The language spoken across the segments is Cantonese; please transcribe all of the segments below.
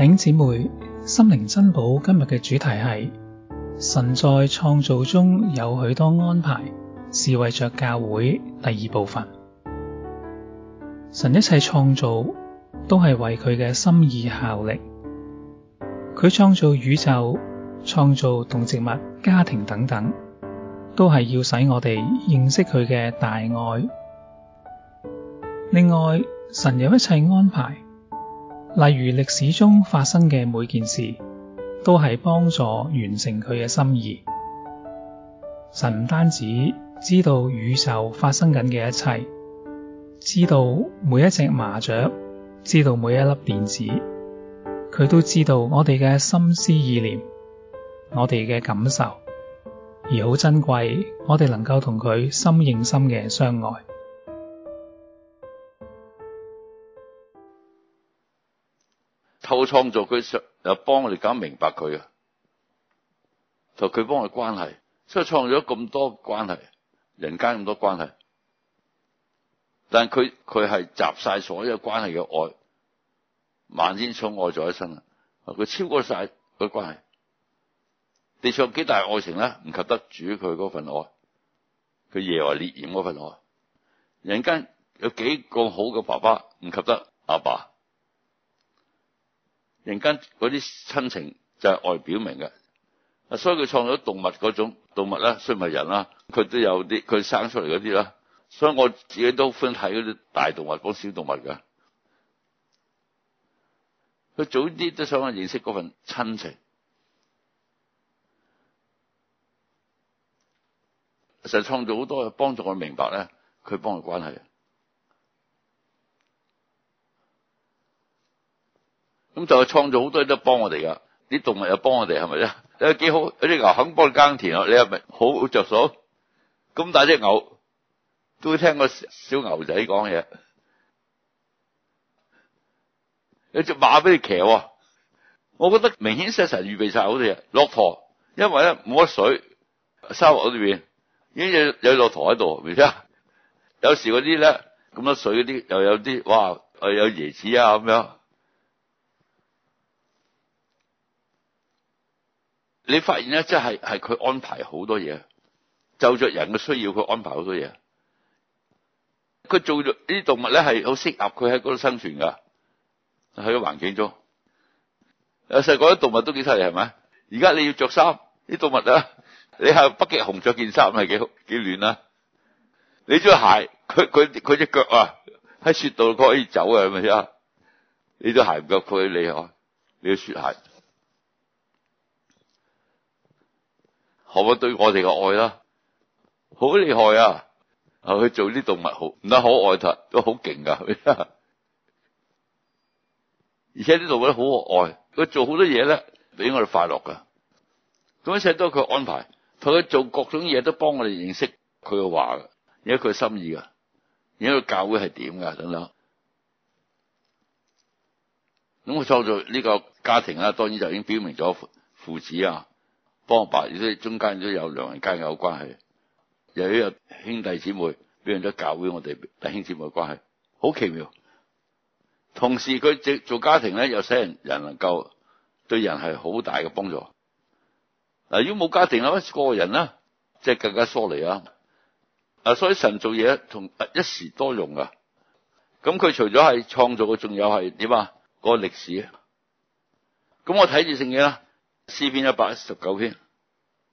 弟兄姐妹心靈珍寶，今日嘅主題係神在創造中有許多安排，是為着教會。第二部分，神一切創造都係為佢嘅心意效力。佢創造宇宙、創造動植物、家庭等等，都係要使我哋認識佢嘅大愛。另外，神有一切安排。例如歷史中發生嘅每件事，都係幫助完成佢嘅心意。神唔單止知道宇宙發生緊嘅一切，知道每一隻麻雀，知道每一粒電子，佢都知道我哋嘅心思意念，我哋嘅感受，而好珍貴，我哋能夠同佢心應心嘅相愛。靠創造佢又幫我哋搞明白佢啊，佢幫我哋嘅關係，所以創造咗咁多關係，人間咁多關係，但係佢，佢係集曬所有關係嘅愛，萬千寵愛在一身，佢超過曬佢關係，地上幾大愛情呢？唔及得主佢嗰份愛，佢耶和華烈焰嗰份愛，人間有幾個好嘅爸爸，唔及得阿爸，爸。人間嗰啲親情就係外表明嘅，啊，所以佢創造動物嗰種動物啦，雖唔係人啦，佢都有啲佢生出嚟嗰啲啦，所以我自己都喜歡喜睇嗰啲大動物講小動物噶，佢早啲都想我認識嗰份親情，其實創造好多幫助我明白咧，佢幫我關係。咁就係創造好多嘢都幫我哋㗎。啲動物又幫我哋，係咪啫？有幾好？有啲牛肯幫你耕田啊？你係咪好，好，好著數？咁大隻牛都會聽個小牛仔講嘢，有隻馬畀你騎喎。我覺得明顯神預備晒好啲嘢，駱駝，因為呢冇乜水沙漠裏邊，已經有有駱駝喺度明。有時嗰啲呢，咁多水嗰啲，又有啲哇，誒有椰子呀、啊、咁樣。你發現咧，即係係佢安排好多嘢，就著人嘅需要，佢安排好多嘢。佢做咗呢啲動物咧，係好適合佢喺嗰度生存噶喺個環境中。有細個啲動物都幾犀利，係咪？而家你要着衫，啲動物呢啊，你喺北極熊著件衫，係幾幾暖啦。你着鞋，佢佢佢隻腳啊，喺雪度佢可以走啊，係咪呀？你對鞋唔夠佢厲害，你要雪鞋。何謂對我哋嘅愛啦？好厲害啊！佢做啲動物好唔得可愛？佢都好勁噶，而且啲動物好可愛。佢 做好多嘢咧，俾我哋快樂噶。咁一切都係佢安排，同佢做各種嘢都幫我哋認識佢嘅話，而家佢心意噶，而家個教會係點噶等等。咁佢創造呢個家庭啦，當然就已經表明咗父子啊。幫阿亦都中間都有良人間有關係，又有兄弟姊妹，變成咗教會我哋弟兄姊妹嘅關係，好奇妙。同時佢做做家庭咧，又使人能夠對人係好大嘅幫助。嗱，如果冇家庭一個人咧，即係更加疏離啊。啊，所以神做嘢同一時多用啊。咁佢除咗係創造嘅，仲有係點啊？個歷史。咁我睇住聖經啦。詩篇一百一十九篇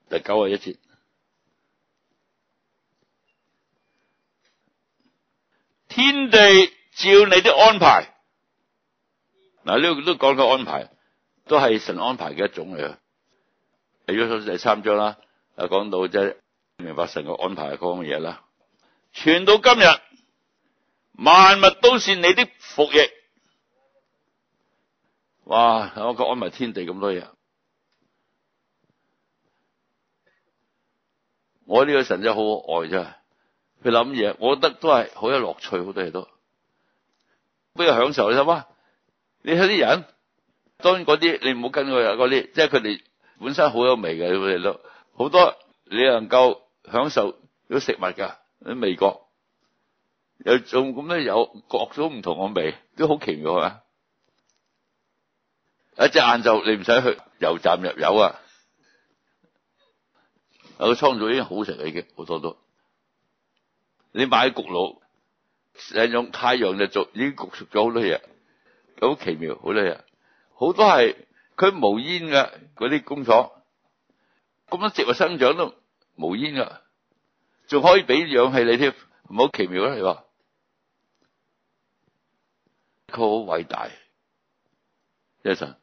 第九啊一節，天地照你的安排，嗱，呢個都講到安排，都係神安排嘅一種嚟嘅。喺約書第三章啦，啊講到即係明白神嘅安排係講乜嘢啦。存到今日，萬物都是你的僕役。哇，我講安排天地咁多嘢。我呢個神真係好可愛啫，佢諗嘢，我覺得都係好有樂趣，好多嘢都比較享受你睇嘛？你睇啲人，當然嗰啲你唔好跟佢，嗰啲即係佢哋本身好有味嘅，佢哋都好多你能夠享受啲食物噶，喺美國，又仲咁樣，有各種唔同嘅味，都好奇妙啊！一隻晏晝，你唔使去油站入油啊！有個創造已經好神奇嘅，好多都。你買焗爐，用太陽就做已經焗熟咗好多嘢，好奇妙好多嘢。好多係佢無煙嘅嗰啲工廠，咁樣植物生長都無煙噶，仲可以俾氧氣你添，唔係好奇妙咩？佢好偉大 j a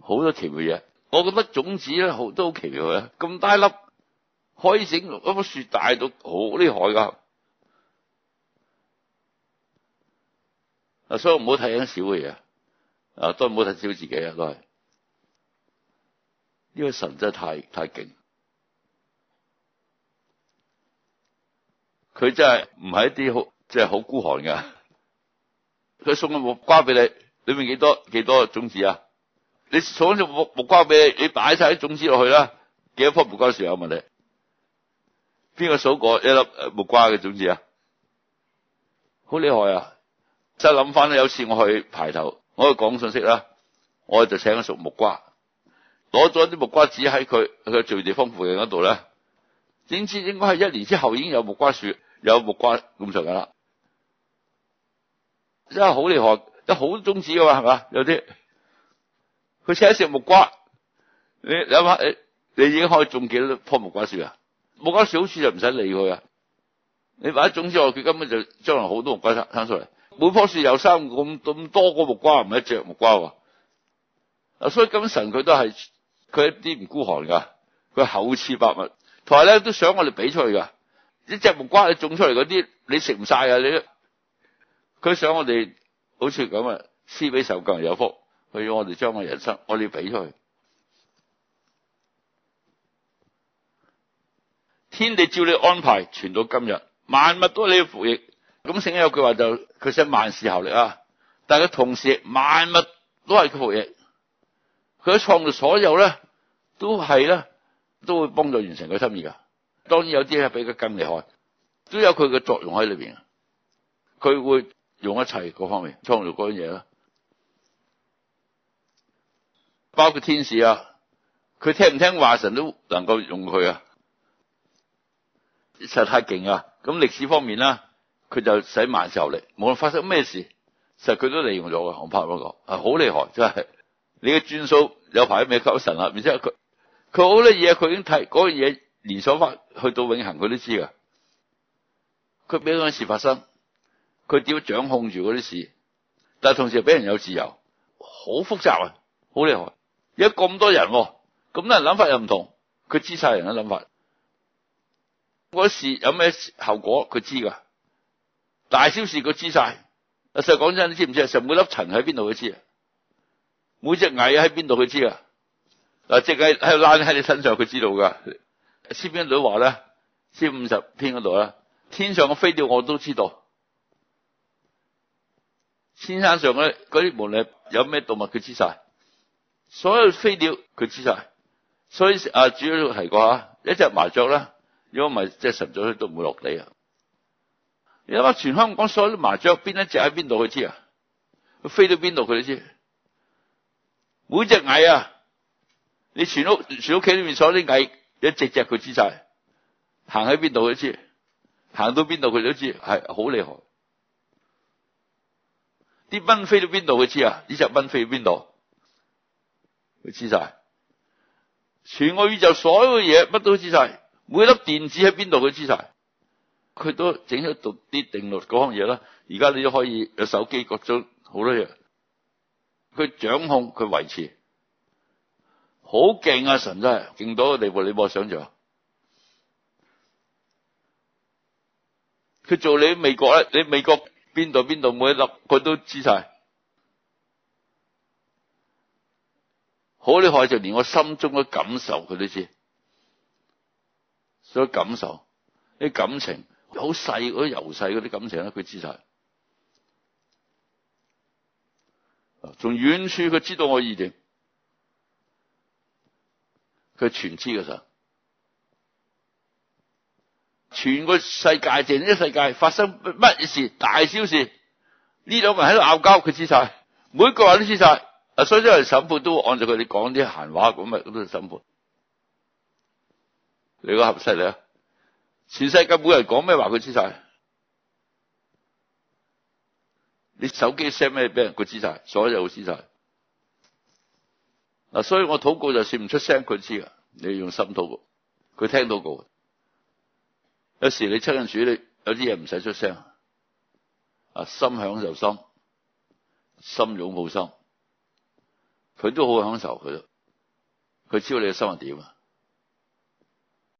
好多奇妙嘢。我覺得種子咧好都好奇妙嘅，咁大粒可以整一棵樹大到好呢海噶。啊，所以唔好睇啲少嘅嘢，啊都唔好睇少自己啊，都係呢個神真係太太勁，佢真係唔係一啲好即係好孤寒噶，佢送個木瓜俾你，裏面幾多幾多種子啊？你數隻木木瓜俾你，你擺晒啲種子落去啦。幾多棵木瓜樹有問題？邊個數過一粒木瓜嘅種子啊？好厲害啊！真係諗翻有次我去排頭，我去講信息啦，我就請咗熟木瓜，攞咗啲木瓜籽喺佢佢最地方附近嗰度咧，點知應該係一年之後已經有木瓜樹，有木瓜咁長噶啦。真係好厲害，得好種子噶嘛，係嘛？有啲。佢請食一隻木瓜，你諗下，你你已經可以種幾多棵木瓜樹啊？木瓜樹小樹就唔使理佢啊！你萬一種之後，佢根本就將來好多木瓜生出嚟。每棵樹有三咁咁多個木瓜，唔係一隻木瓜喎。啊，所以噉神佢都係佢一啲唔孤寒噶，佢厚賜百物，同埋咧都想我哋俾出嚟噶。一隻木瓜你種出嚟嗰啲，你食唔晒啊！你佢想我哋好似咁啊，施比受更有福。佢要我哋將我人生，我哋俾出去，天地照你安排，傳到今日，萬物都係你要服役。咁聖經有句話就佢想萬事效力啊，但係同時萬物都係佢服役，佢喺創造所有咧，都係咧，都會幫助完成佢心意噶。當然有啲係比佢更厲害，都有佢嘅作用喺裏邊。佢會用一切各方面創造嗰樣嘢啦。包括天使啊，佢聽唔聽話神都能夠用佢啊，實在太勁啊！咁歷史方面啦，佢就使埋時候嚟，無論發生咩事，實佢都利用咗嘅。航拍個，係好厲害，真係你嘅轉數有排未及神啦。而且佢佢好叻嘢，佢已經睇樣嘢連鎖翻去到永恒，佢都知噶。佢俾嗰件事發生，佢點掌控住嗰啲事？但係同時又俾人有自由，好複雜啊，好厲害。而家咁多人，咁啲人諗法又唔同，佢知晒人嘅諗法。嗰、那個、事有咩後果，佢知噶。大小事佢知晒。啊，實講講真，你知唔知？成每粒塵喺邊度佢知啊？每隻蟻喺邊度佢知啊？嗱，即係喺度躝喺你身上，佢知道噶。先邊女話咧？詩五十篇嗰度啦。天上嘅飛鳥我都知道。千山上嗰啲門領有咩動物佢知晒。所有飛鳥佢知晒，所以啊，主要提過吓，一隻麻雀啦，如果唔係即係實咗佢都唔會落地啊！你諗下全香港所有啲麻雀邊一隻喺邊度佢知啊？佢飛到邊度佢都知，每隻蟻啊，你全屋全屋企裏面所有啲蟻，一隻隻佢知晒，行喺邊度佢知，行到邊度佢都知，係好厲害。啲蚊飛到邊度佢知啊？呢隻蚊飛去邊度？佢知晒，全個宇宙所有嘅嘢，乜都知晒。每一粒電子喺邊度，佢知晒。佢都整喺度啲定律嗰項嘢啦。而家你都可以有手機，各種好多嘢。佢掌控，佢維持，好勁啊！神真係勁到個地步，你冇想象。佢做你美國咧，你美國邊度邊度每一粒佢都知晒。好厲害，就連我心中嘅感受佢都知道，所以感受啲感情，好細嗰啲柔細啲感情咧，佢知晒。從遠處佢知道我意見，佢全知噶候全個世界，整啲世界發生乜事，大小事，呢兩個人喺度拗交，佢知晒，每個人都知晒。啊！所以啲人審判都按照佢哋講啲閒話咁啊，咁都審判。你講合適你啊？全世界冇人講咩話，佢知晒，你手機 send 咩俾人，佢知晒，所有會知晒。嗱、啊，所以我禱告就算唔出聲，佢知噶。你用心禱告，佢聽到過。有時你親近主，你有啲嘢唔使出聲。啊，心響就心，心擁冇心。佢都好享受佢咯，佢知道你嘅生活點啊！